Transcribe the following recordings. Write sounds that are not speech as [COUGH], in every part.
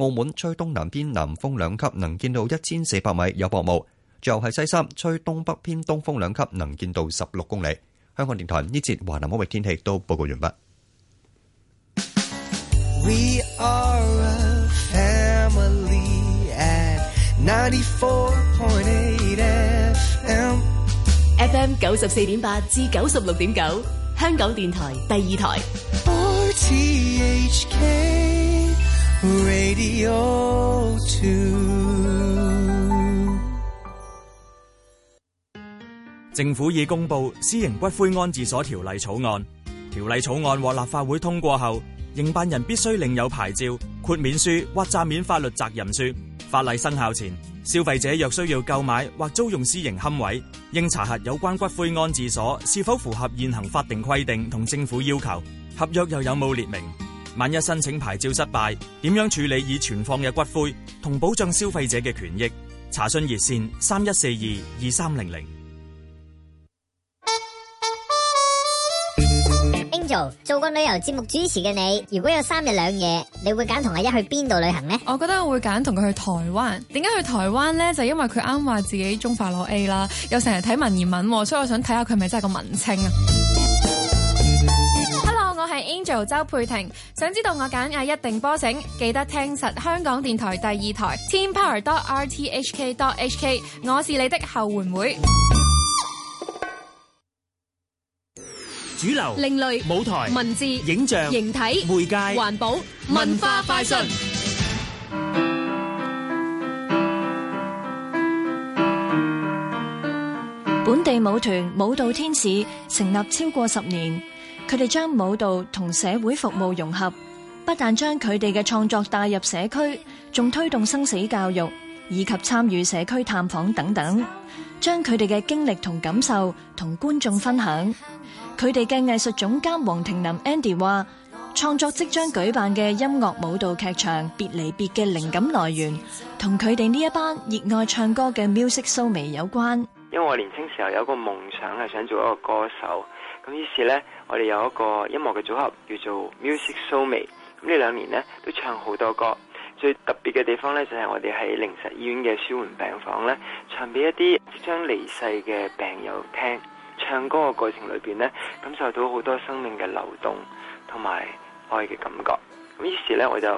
澳門吹東南偏南風兩級，能見度一千四百米，有薄霧。最後係西三吹東北偏東風兩級，能見度十六公里。香港電台呢節華南區域天氣都報告完畢。We are a family at 94.8 FM。FM 九十四點八至九十六點九，香港電台第二台。Radio 2政府已公布《私營骨灰安置所條例草案》。條例草案獲立法會通過後，營辦人必須領有牌照、豁免書或暫免法律責任書。法例生效前，消費者若需要購買或租用私營龕位，應查核有關骨灰安置所是否符合現行法定規定同政府要求，合約又有冇列明。萬一申請牌照失敗，點樣處理已存放嘅骨灰，同保障消費者嘅權益？查詢熱線三一四二二三零零。Angel 做個旅遊節目主持嘅你，如果有三日兩夜，你會揀同阿一去邊度旅行呢？我覺得我會揀同佢去台灣。點解去台灣呢？就是、因為佢啱話自己中化攞 A 啦，又成日睇文言文，所以我想睇下佢係咪真係個文青啊！Angel 周，佩婷，想知道我揀阿一定波繩，記得聽實香港電台第二台，teampower dot r t h k dot h k。我是你的後援會。主流、另類、舞台、文字、影像、形體、媒介、環保、文化快訊。本地舞團舞蹈天使成立超過十年。佢哋將舞蹈同社會服務融合，不但將佢哋嘅創作帶入社區，仲推動生死教育以及參與社區探訪等等，將佢哋嘅經歷同感受同觀眾分享。佢哋嘅藝術總監黃庭林 Andy 話，創作即將舉辦嘅音樂舞蹈劇場《別離別》嘅靈感來源，同佢哋呢一班熱愛唱歌嘅 Music 蘇眉有關。因為我年輕時候有個夢想係想做一個歌手。於是呢，我哋有一個音樂嘅組合叫做 Music Soulmate。咁呢兩年呢,都唱好多歌。最特別嘅地方呢，就係、是、我哋喺靈實醫院嘅舒緩病房呢，唱俾一啲即將離世嘅病友聽。唱歌嘅過程裏邊呢，感受到好多生命嘅流動同埋愛嘅感覺。咁於是呢，我就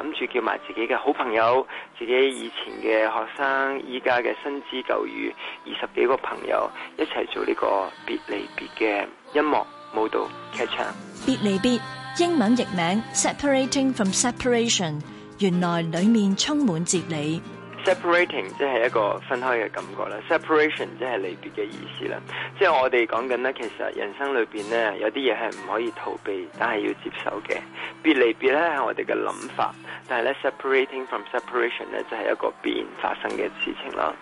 諗住叫埋自己嘅好朋友、自己以前嘅學生、依家嘅新知舊友二十幾個朋友一齊做呢個別離別嘅。音樂、舞蹈、劇場。別離別，英文譯名 Separating from Separation，原來裏面充滿哲理。Separating 即係一個分開嘅感覺啦，Separation 即係離別嘅意思啦。即係我哋講緊咧，其實人生裏邊咧有啲嘢係唔可以逃避，但係要接受嘅。別離別咧係我哋嘅諗法，但係咧 Separating from Separation 呢就係一個必然發生嘅事情啦。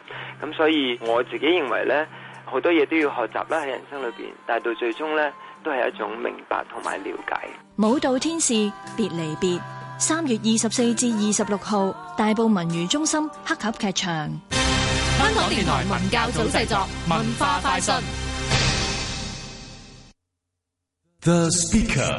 咁所以我自己認為咧。好多嘢都要學習啦，喺人生裏邊，但係到最終咧，都係一種明白同埋了解。舞蹈天使別離別，三月二十四至二十六號，大埔文娛中心黑匣劇場。香港電台文教組製作，文，總製作文化快訊。The speaker。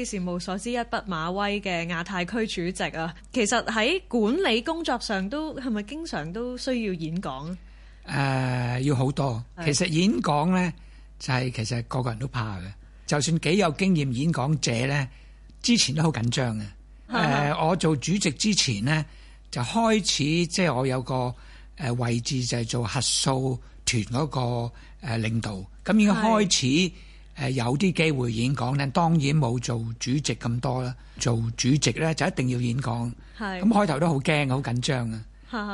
事務所之一畢馬威嘅亞太區主席啊，其實喺管理工作上都係咪經常都需要演講？誒、呃，要好多是其、就是。其實演講咧，就係其實個個人都怕嘅。就算幾有經驗演講者咧，之前都好緊張嘅。誒嗎、呃，我做主席之前咧，就開始即係、就是、我有個誒位置就係做核數團嗰個誒領導，咁已經開始。有啲機會演講咧，當然冇做主席咁多啦。做主席咧就一定要演講，咁開頭都好驚，好緊張嘅的、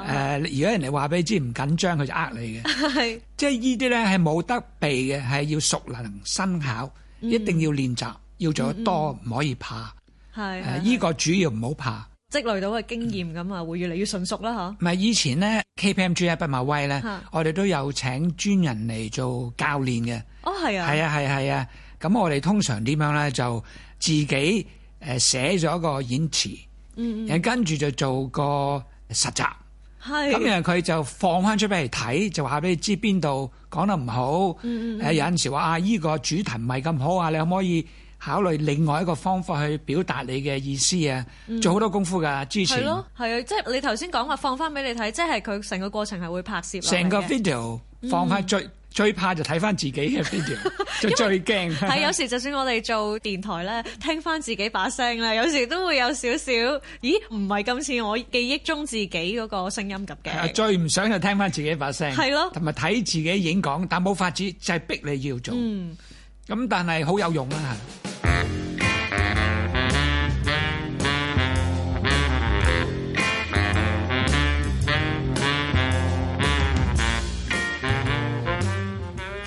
呃。如果人哋話俾你知唔緊張，佢就呃你嘅。的即係呢啲咧係冇得避嘅，係要熟能生巧，一定要練習，嗯、要做得多，嗯嗯、唔可以怕。係的，呢、呃呢個主要唔好怕。積累到嘅經驗咁啊，會越嚟越順熟啦，嚇。唔係以前咧，KPMG 啊、畢馬威咧，的我哋都有請專人嚟做教練嘅。哦，係啊！係啊，係係啊！咁我哋通常點樣咧？就自己誒寫咗個演詞，嗯，然後跟住就做個實習，係咁樣然後佢就放翻出俾嚟睇，就話俾你知邊度講得唔好，嗯嗯，誒有陣時話啊，依個主題唔係咁好啊，你可唔可以考慮另外一個方法去表達你嘅意思啊？做好多功夫㗎，之前係咯，係啊，即係你頭先講話放翻俾你睇，即係佢成個過程係會拍攝成個 video 放翻最。最怕就睇翻自己嘅 video，就最驚。係有時，就算我哋做電台咧，聽翻自己把聲咧，有時都會有少少，咦？唔係咁似我記憶中自己嗰個聲音咁嘅。最唔想就聽翻自己把聲，係咯，同埋睇自己演講，但冇法子，就係逼你要做。嗯，咁但係好有用啦嚇。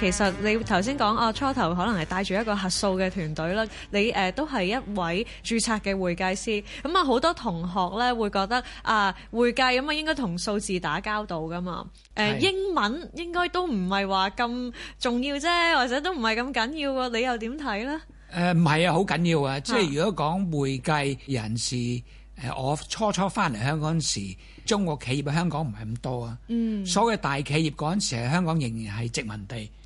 其實你頭先講啊，初頭可能係帶住一個核數嘅團隊啦。你誒、呃、都係一位註冊嘅會計師，咁啊好多同學咧會覺得啊、呃、會計咁啊應該同數字打交道噶嘛？誒、呃、是英文應該都唔係話咁重要啫，或者都唔係咁緊要喎？你又點睇咧？誒唔係啊，好緊要啊！即係如果講會計人士，誒、啊、我初初翻嚟香港時，中國企業喺香港唔係咁多啊。嗯，所謂的大企業嗰陣時係香港仍然係殖民地。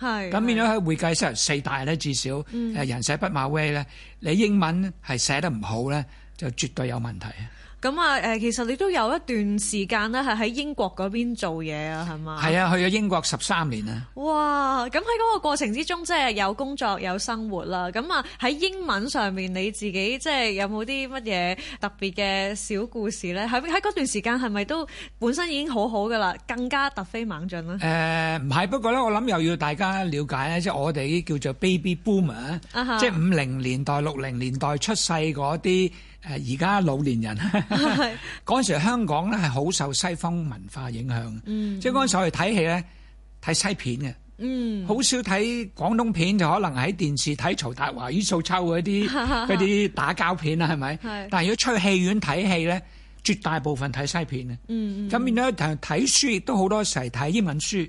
咁變咗喺會計室四大咧，至少是人寫畢馬威咧，嗯、你英文係寫得唔好咧，就絕對有問題啊！咁啊，誒，其實你都有一段時間咧，係喺英國嗰邊做嘢啊，係嘛？係啊，去咗英國十三年啊！哇，咁喺嗰個過程之中，即係有工作有生活啦。咁啊，喺英文上面你自己即係有冇啲乜嘢特別嘅小故事咧？喺喺嗰段時間係咪都本身已經好好㗎啦，更加突飛猛進咧？誒，唔係，不過咧，我諗又要大家瞭解咧，即係我哋叫做 Baby Boomer，即係五零年代、六零年代出世嗰啲。誒而家老年人嗰陣時，香港咧係好受西方文化影響，即係嗰陣時我哋睇戲咧，睇西片嘅，嗯，好少睇廣東片，就可能喺電視睇曹達華、于素秋嗰啲嗰啲打交片啦，係咪？但係如果出去戲院睇戲咧，絕大部分睇西片啊，嗯嗯，咁變咗同睇書亦都好多時睇英文書。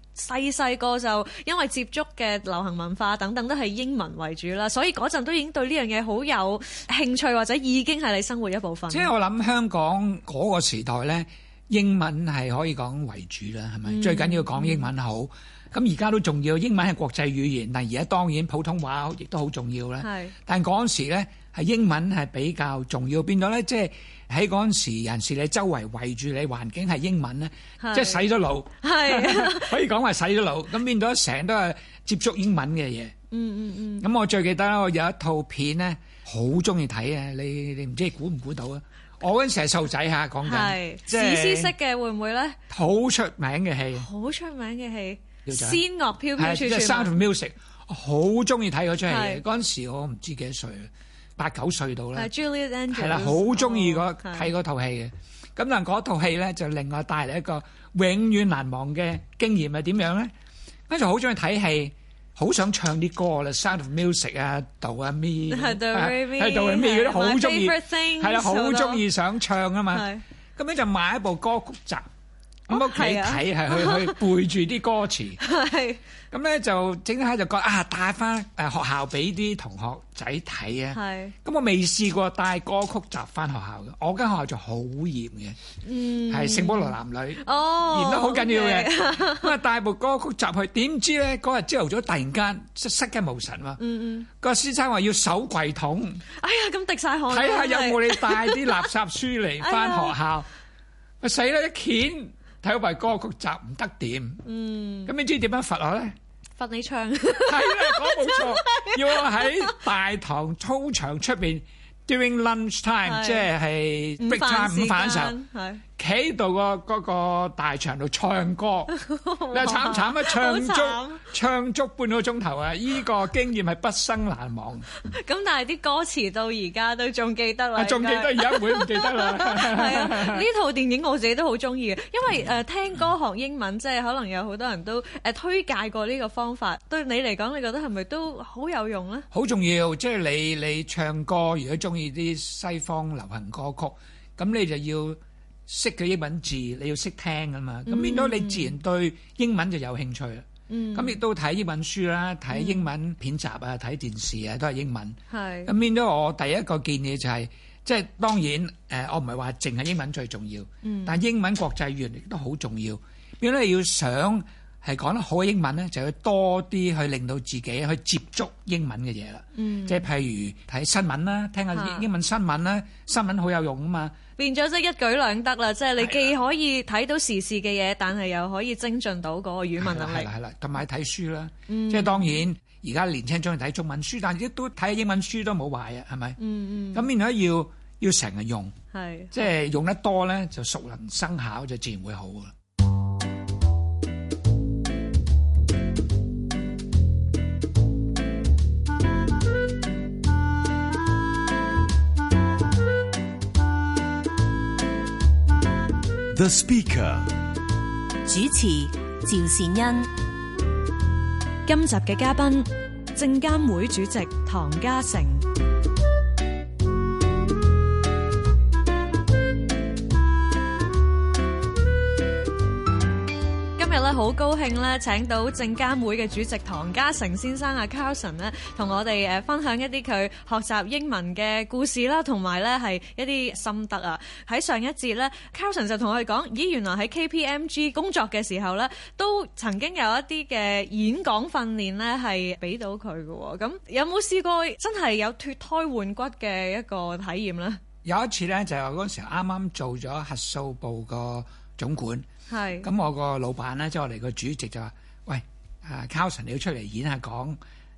細細個就因為接觸嘅流行文化等等都係英文為主啦，所以嗰陣都已經對呢樣嘢好有興趣或者已經係你生活一部分。即係我諗香港嗰個時代咧，英文係可以講為主啦，係咪？最緊要講英文好。咁而家都重要，英文係國際語言。但係，而家當然普通話亦都好重要啦。係，但嗰時咧。係英文係比較重要，變咗咧，即係喺嗰陣時，人士你周圍圍住你環境係英文咧，即係洗咗腦，係可以講話洗咗腦。咁變咗成日都係接觸英文嘅嘢。嗯嗯嗯。咁我最記得我有一套片咧，好中意睇啊！你你唔知估唔估到啊？我嗰陣時係細仔嚇講緊，係史詩式嘅會唔會咧？好出名嘅戲，好出名嘅戲，《仙樂飄飄處處聞》。係即係《Sound of Music》，我好中意睇嗰出戲。嗰陣時我唔知幾多歲。八九歲到啦，係啦，好中意個睇嗰套戲嘅，咁但係嗰套戲咧就另外帶嚟一個永遠難忘嘅經驗係點樣咧？跟住好中意睇戲，好想唱啲歌啦，Sound of Music 啊，Do Re Mi，Do Re Mi 嗰啲好中意，係啦，好中意想唱啊嘛，咁咧就買一部歌曲集。咁屋企睇係去去背住啲歌詞，咁咧就整下就覺啊帶翻誒學校俾啲同學仔睇啊。咁我未試過帶歌曲集翻學校嘅，我間學校就好嚴嘅，係聖保羅男女嚴得好緊要嘅。咁啊帶部歌曲集去，點知咧嗰日朝頭早突然間失失驚無神喎。個先生話要守櫃桶，哎呀咁滴曬汗，睇下有冇你帶啲垃圾書嚟翻學校？死啦一掀！睇嗰排歌曲集唔得掂。嗯，咁你知點樣罰我咧？罰你唱，係 [LAUGHS] 啦，講冇錯， [LAUGHS] 要我喺大堂操場出面 during lunch time，即係 big time 午飯嘅喺度個嗰個大場度唱歌，你慘唔慘啊？唱足唱足半個鐘頭啊！依個經驗係畢生難忘咁，但係啲歌詞到而家都仲記得啦，仲記得而家會唔記得啦？係啊，呢套電影我自己都好中意嘅，因為誒聽歌學英文，即係可能有好多人都誒推介過呢個方法。對你嚟講，你覺得係咪都好有用咧？好重要，即係你你唱歌，如果中意啲西方流行歌曲，咁你就要。識嘅英文字，你要識聽㗎嘛，咁變咗你自然對英文就有興趣啦。咁亦、mm hmm. 都睇英文書啦，睇英文片集啊，睇、mm hmm. 電視啊，都係英文。係咁是變咗，我第一個建議就係、是，即、就、係、是、當然誒、呃，我唔係話淨係英文最重要，mm hmm. 但係英文國際語言都好重要。變咗你要想。係講得好嘅英文咧，就要多啲去令到自己去接觸英文嘅嘢啦。即係、嗯、譬如睇新聞啦，聽下英文新聞啦，是新聞好有用啊嘛。變咗即係一舉兩得啦，即、就、係、是、你既可以睇到時事嘅嘢，啊、但係又可以精進到嗰個語文能力。啦、啊，同埋睇書啦。嗯、即係當然而家年輕中意睇中文書，但係都睇英文書都冇壞啊，係咪？咁變咗要要成日用，是即係用得多咧，就熟能生巧，就自然會好噶啦。The Speaker 主持趙善恩，今集嘅嘉賓，證監會主席唐家成。好高興啦！請到證監會嘅主席唐家成先生啊，Carlson 咧，同我哋誒分享一啲佢學習英文嘅故事啦，同埋咧係一啲心得啊。喺上一節咧，Carlson 就同我哋講：咦，原來喺 KPMG 工作嘅時候咧，都曾經有一啲嘅演講訓練咧，係俾到佢喎。咁有冇試過真係有脫胎換骨嘅一個體驗呢？有一次咧，就係我嗰時啱啱做咗核數部個總管。係，咁我個老闆咧，即係我哋個主席就話：喂，誒，Carlson，你要出嚟演下講，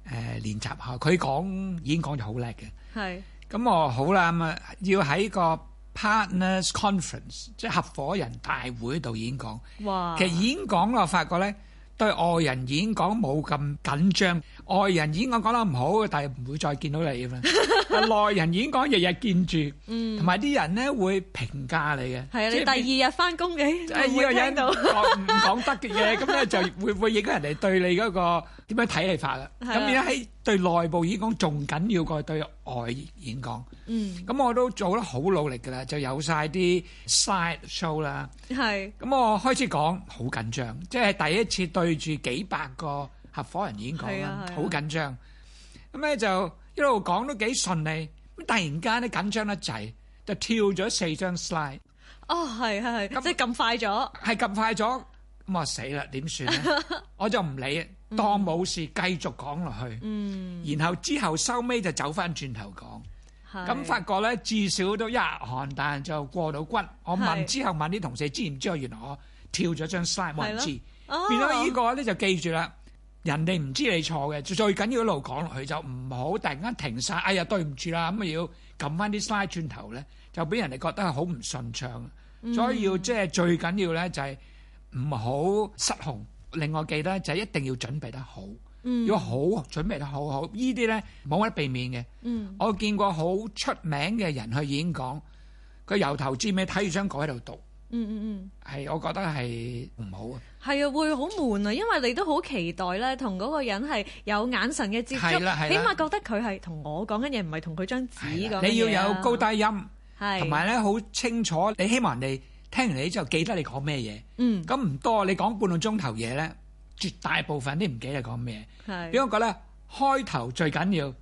誒，練習下。佢講演講就好叻嘅。係，咁我好啦，咁啊，要喺個 partners conference，即係合夥人大會度演講。哇！其實演講我發覺咧，對外人演講冇咁緊張，外人演講講得唔好，但係唔會再見到你啦。內人演講，日日見住，同埋啲人咧會評價你嘅。係啊，你第二日翻工嘅第二個人講唔講得嘅嘢，咁咧就會唔會影響人哋對你嗰個點樣睇你法啦。咁而家喺對內部演講仲緊要過對外演講。嗯，咁我都做得好努力噶啦，就有晒啲 side show 啦。係，咁我開始講好緊張，即係第一次對住幾百個合夥人演講啦，好緊張。咁咧就。一路講都幾順利，咁突然間咧緊張得滯，就跳咗四張 slide。哦，係係係，那即係咁快咗。係咁快咗，咁我死啦！點算咧？ [LAUGHS] 我就唔理，當冇事、嗯、繼續講落去。嗯。然後之後收尾就走翻轉頭講，咁是發覺咧至少都一汗，但就過到骨。我問之後問啲同事知唔知我原來我跳咗張 slide，冇人知，變咗依個咧就記住啦。人哋唔知你錯嘅，最緊要一路講落去就唔好，突然間停晒。哎呀，對唔住啦，咁又要撳翻啲 slide 轉頭咧，就俾人哋覺得係好唔順暢。所以要即係最緊要咧，就係唔好失控。另外記得就係一定要準備得好，如果好準備得好好。呢啲咧冇得避免嘅。我見過好出名嘅人去演講，佢由頭至尾睇住張稿喺度讀。嗯嗯嗯，係，我覺得係唔好啊。係啊，會好悶啊，因為你都好期待咧，同嗰個人係有眼神嘅接觸，起碼覺得佢係同我講緊嘢，唔係同佢張紙咁。你要有高低音，係同埋咧好清楚。你希望人哋聽完你之後記得你講咩嘢。嗯，咁唔多你講半個鐘頭嘢咧，絕大部分都唔記得講咩嘢。係畀我講咧？開頭最緊要。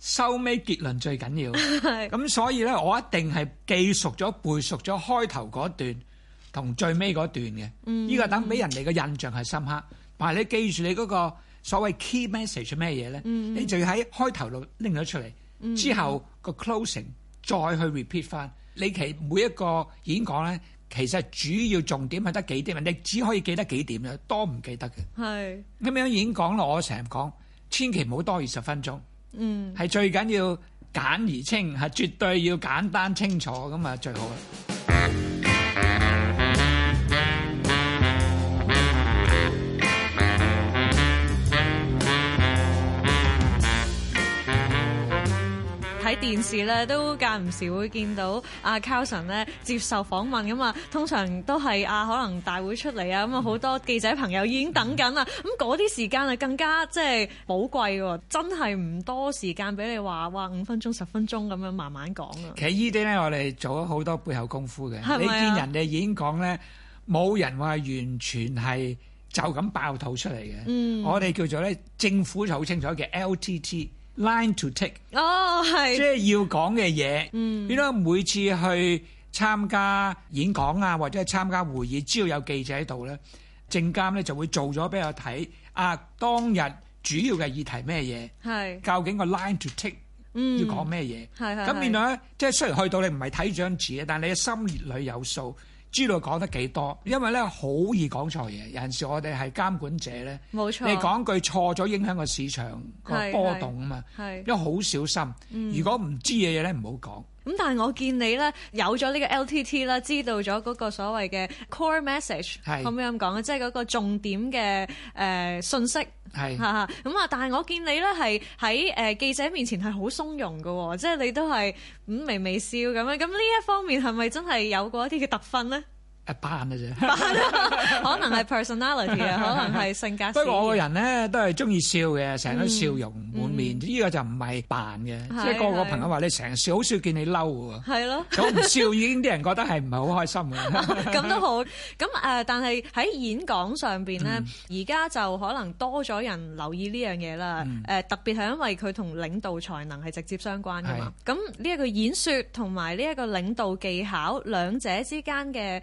收尾結論最緊要咁， [LAUGHS] 是所以咧，我一定係記熟咗、背熟咗開頭嗰段同最尾嗰段嘅。呢、嗯、個等俾人哋嘅印象係深刻，嗯、但係你記住你嗰個所謂 key message 咩嘢咧？嗯、你就要喺開頭度拎咗出嚟、嗯、之後個 closing 再去 repeat 翻。嗯、你其每一個演講咧，其實主要重點係得幾點，你只可以記得幾點，多唔記得嘅。係咁是樣演講咯，我成日講千祈唔好多二十分鐘。嗯是，係最緊要簡而清，係絕對要簡單清楚咁啊，最好啦。電視咧都間唔時會見到阿 Carlson 咧接受訪問㗎嘛，通常都係啊可能大會出嚟啊，咁啊好多記者朋友已經等緊啦，咁嗰啲時間啊更加即係寶貴喎，真係唔多時間俾你話哇五分鐘十分鐘咁樣慢慢講啊。其實呢啲咧我哋做咗好多背後功夫嘅，係唔係你見人哋演講咧冇人話完全係就咁爆肚出嚟嘅，嗯、我哋叫做咧政府就好清楚嘅 LTT。line to take 哦，係即係要講嘅嘢。嗯，變咗每次去參加演講啊，或者係參加會議，只要有記者喺度咧，證監咧就會做咗俾我睇。啊，當日主要嘅議題咩嘢？係究竟個 line to take，嗯，要講咩嘢？係係。咁變咗，即係雖然去到你唔係睇張紙啊，但係你嘅心裏有數。知道講得幾多，因為咧好易講錯嘢。有陣時我哋係監管者咧，錯你講句錯咗，影響個市場個波動啊嘛。因為好小心，是如果唔知嘅嘢咧，唔好講。咁但係我見你咧有咗呢個 LTT 啦，知道咗嗰個所謂嘅 core message 可唔可以咁樣講，即係嗰個重點嘅誒訊息。係咁啊，但係我見你咧係喺誒記者面前係好從容㗎喎，哦，即係你都係五微微笑咁樣，咁呢一方面係咪真係有過一啲嘅特訓咧？一班嘅啫，可能係 personality 啊，可能係性格。不過我個人咧都係中意笑嘅，成日都笑容滿面，呢個就唔係扮嘅，即係個個朋友話你成日笑，好少見你嬲喎。係咯，有唔笑已經啲人覺得係唔係好開心嘅。咁都好，咁但係喺演講上面咧，而家就可能多咗人留意呢樣嘢啦。特別係因為佢同領導才能係直接相關嘅嘛。咁呢一個演說同埋呢一個領導技巧兩者之間嘅。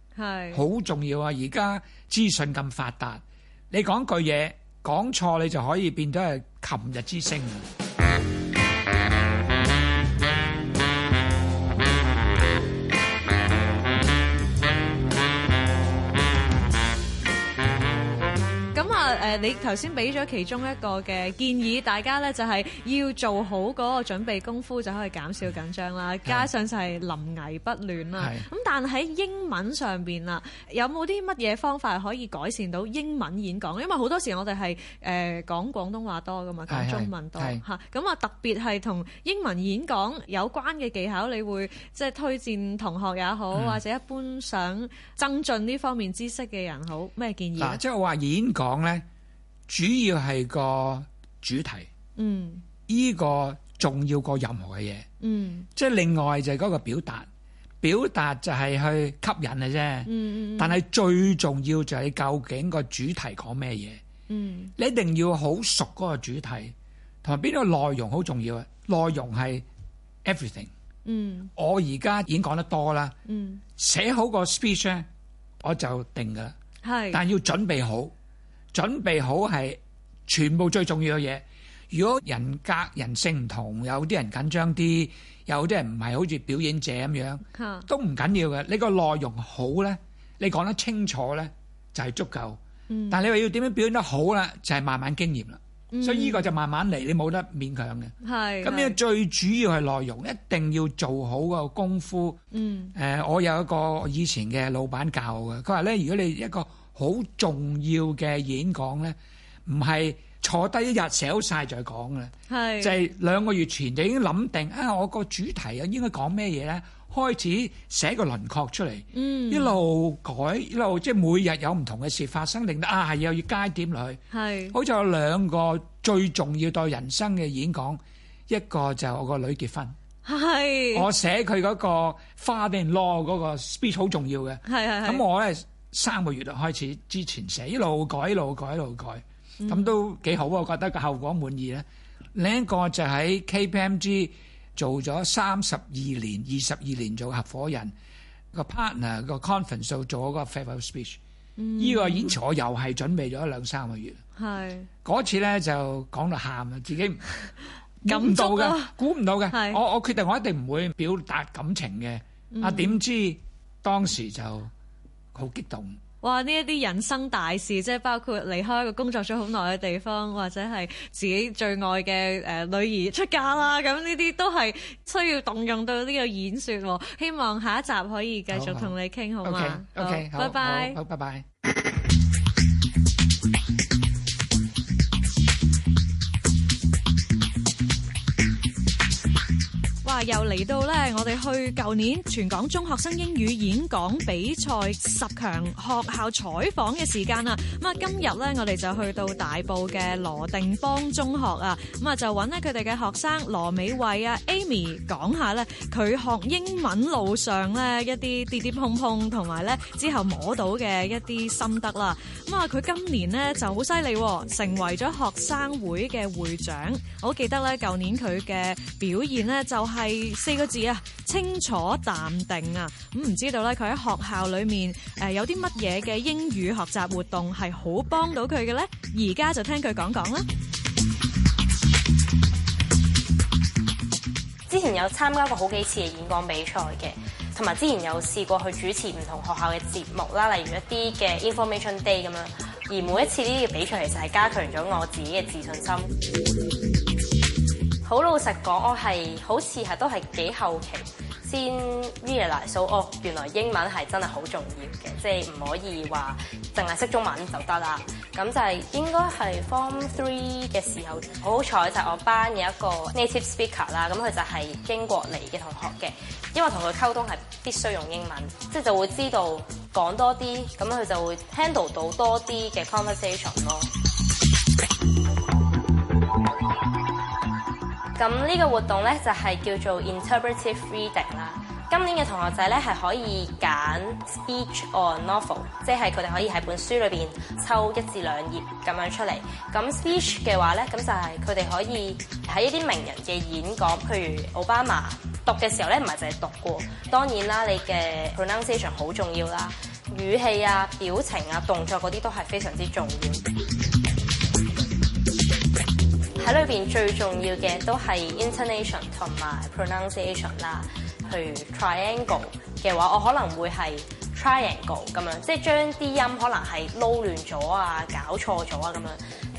係好是重要啊！而家資訊咁發達，你講句嘢講錯，你就可以變咗係琴日之星。誒，你頭先俾咗其中一個嘅建議，大家咧就係要做好嗰個準備功夫，就可以減少緊張啦。加上就係臨危不亂啦。咁但喺英文上面啊，有冇啲乜嘢方法可以改善到英文演講？因為好多時我哋係誒講廣東話多噶嘛，講中文多嚇。咁啊，是是是是特別係同英文演講有關嘅技巧，你會即係推薦同學也好，或者一般想增進呢方面知識嘅人好咩建議？嗱，即係我話演講咧。主要係個主題，嗯，依個重要過任何嘅嘢，嗯，即係另外就係嗰個表達，表達就係去吸引嘅啫，嗯嗯，但係最重要就係究竟個主題講咩嘢，嗯，你一定要好熟嗰個主題，同埋邊個內容好重要啊，內容係 everything，嗯，我而家已經講得多啦，嗯，寫好個 speech 咧，我就定噶啦，係，但係要準備好。準備好係全部最重要嘅嘢。如果人格、人性唔同，有啲人緊張啲，有啲人唔係好似表演者咁樣，是都唔緊要嘅。你個內容好咧，你講得清楚咧，就係足夠。嗯、但係你話要點樣表演得好呢？就係、是、慢慢經驗啦。嗯、所以呢個就慢慢嚟，你冇得勉強嘅。係是。咁咧最主要係內容，一定要做好個功夫。嗯、呃。我有一個以前嘅老闆教嘅，佢話咧，如果你一個，好重要嘅演講咧，唔係坐低一日寫好曬再講噶啦，就係兩個月前就已經諗定啊，我個主題啊應該講咩嘢咧，開始寫個輪廓出嚟，一路改一路，即係每日有唔同嘅事發生，令到啊又要加點落去，好似有兩個最重要對人生嘅演講，一個就我個女結婚，我寫佢嗰個 father in law 嗰個 speech 好重要嘅，咁我咧。三個月啊，開始之前寫，一路改，路改，路改，咁都幾好啊！我覺得個效果滿意咧。另一個就喺 KPMG 做咗三十二年、二十二年做合夥人個 partner 個 conference 做咗個 farewell speech。呢個演辭我又係準備咗兩三個月。係嗰次咧就講到喊啊，自己唔諗唔到嘅，估唔到嘅。我我決定我一定唔會表達感情嘅。啊點知當時就～好激動！哇！呢一啲人生大事，即係包括離開一個工作咗好耐嘅地方，或者係自己最愛嘅誒女兒出嫁啦，咁呢啲都係需要動用到呢個演說。希望下一集可以繼續同你傾好嘛？OK，OK，拜拜，好拜拜。Bye bye。又嚟到咧，我哋去舊年全港中學生英語演講比賽十強學校採訪嘅時間啦。咁啊，今日咧我哋就去到大埔嘅羅定邦中學啊。咁啊，就揾咧佢哋嘅學生羅美慧啊 Amy 講下咧，佢學英文路上咧一啲跌跌碰碰，同埋咧之後摸到嘅一啲心得啦。咁啊，佢今年咧就好犀利，成為咗學生會嘅會長。我記得咧，舊年佢嘅表現咧就係、是。四個字啊，清楚淡定啊，咁、嗯、唔知道咧，佢喺學校裏面誒、呃、有啲乜嘢嘅英語學習活動係好幫到佢嘅呢？而家就聽佢講講啦。之前有參加過好幾次嘅演講比賽嘅，同埋之前有試過去主持唔同學校嘅節目啦，例如一啲嘅 information day 咁樣。而每一次呢啲嘅比賽其實係加強咗我自己嘅自信心。好老實講，我係好似係都係幾後期先 realize 到、so，哦，原來英文係真係好重要嘅，即係唔可以話淨係識中文就得啦。咁就係應該係 form three 嘅時候，好好彩就係我班有一個 native speaker 啦，咁佢就係英國嚟嘅同學嘅，因為同佢溝通係必須用英文，即、就、係、是、就會知道講多啲，咁佢就會 handle 到多啲嘅 conversation 咯。咁呢個活動咧就係、是、叫做 interpretive reading 啦。今年嘅同學仔咧係可以揀 speech or novel，即係佢哋可以喺本書裏邊抽一至兩頁咁樣出嚟。咁 speech 嘅話咧，咁就係佢哋可以喺一啲名人嘅演講，譬如奧巴馬讀嘅時候咧，唔係淨係讀喎。當然啦，你嘅 pronunciation 好重要啦，語氣啊、表情啊、動作嗰啲都係非常之重要。喺裏面最重要嘅都係 intonation 同埋 pronunciation 啦。譬如 triangle 嘅話，我可能會係 triangle 咁樣，即係將啲音可能係撈亂咗啊、搞錯咗啊咁樣。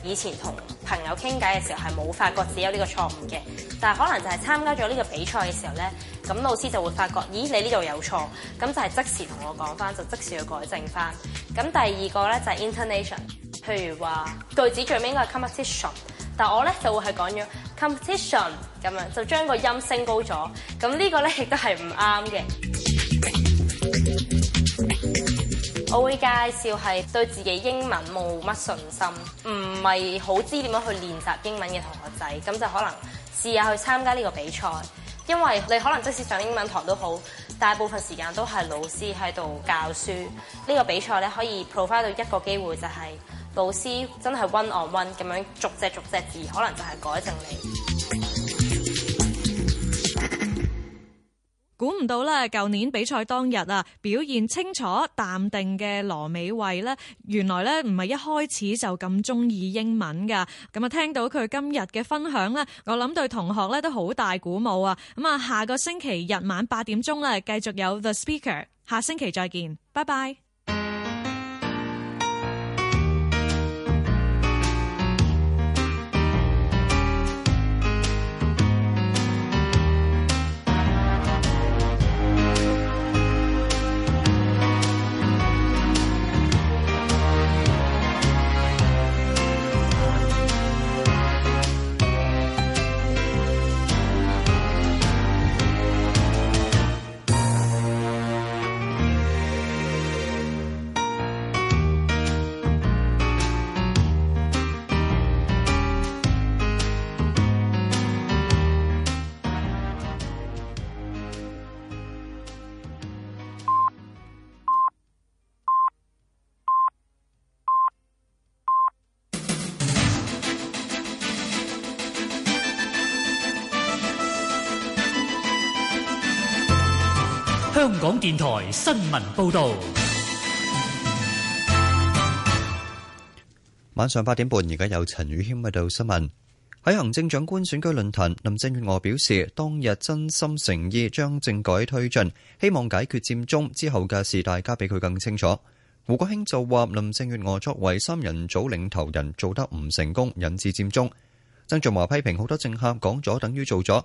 以前同朋友傾偈嘅時候係冇發覺自己有呢個錯誤嘅，但可能就係參加咗呢個比賽嘅時候咧，咁老師就會發覺，咦，你呢度有錯，咁就係即時同我講翻，就即時去改正翻。咁第二個咧就係、是、intonation。譬如話句子最尾應該係 competition，但係我咧就會係講咗 competition，咁樣就，就將個音升高咗。咁呢個咧亦都係唔啱嘅。我會介紹係對自己英文冇乜信心，唔係好知點樣去練習英文嘅同學仔，咁就可能試下去參加呢個比賽，因為你可能即使上英文堂都好，大部分時間都係老師喺度教書。呢、這個比賽咧可以 provide 到一個機會，就係、是。老師真係 one on one 咁樣逐隻逐隻字，可能就係改正你。估唔到咧，舊年比賽當日啊，表現清楚淡定嘅羅美慧呢，原來呢唔係一開始就咁鍾意英文㗎。咁啊，聽到佢今日嘅分享呢，我諗對同學呢都好大鼓舞啊！咁啊，下個星期日晚八點鐘呢，繼續有 The Speaker，下星期再見，拜拜。電台新聞報道，晚上八點半，而家有陳宇謙報道新聞。喺行政長官選舉論壇，林鄭月娥表示，當日真心誠意將政改推進，希望解決佔中之後嘅事，大家比佢更清楚。胡國興就話，林鄭月娥作為三人組領頭人，做得唔成功，引致佔中。曾俊華批評，好多政客講咗，等於做咗。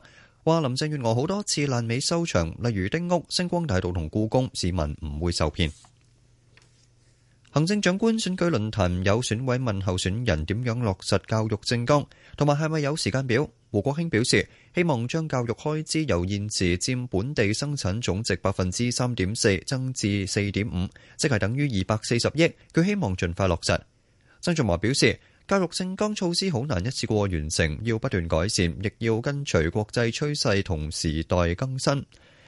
話林鄭月娥好多次爛尾收場，例如丁屋、星光大道同故宮，市民唔會受騙。行政長官選舉論壇有選委問候選人點樣落實教育政綱，同埋係咪有時間表？胡國興表示希望將教育開支由現時佔本地生產總值百分之三點四增至四點五，即係等於二百四十億，佢希望盡快落實。曾俊華表示。教育政綱措施好難一次過完成，要不斷改善，亦要跟隨國際趨勢同時代更新。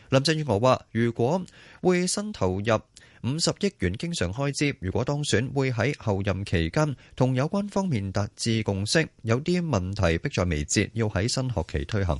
林鄭月娥話，如果會新投入五十億元經常開支，如果當選會喺候任期間同有關方面達致共識，有啲問題迫在眉睫，要喺新學期推行。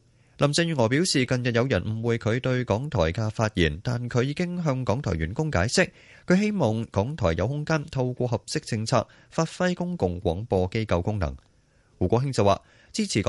林鄭月娥表示，近日有人誤會佢對港台嘅發言，但佢已經向港台員工解釋，佢希望港台有空間透過合適政策發揮公共廣播機構功能。胡國興就話支持港。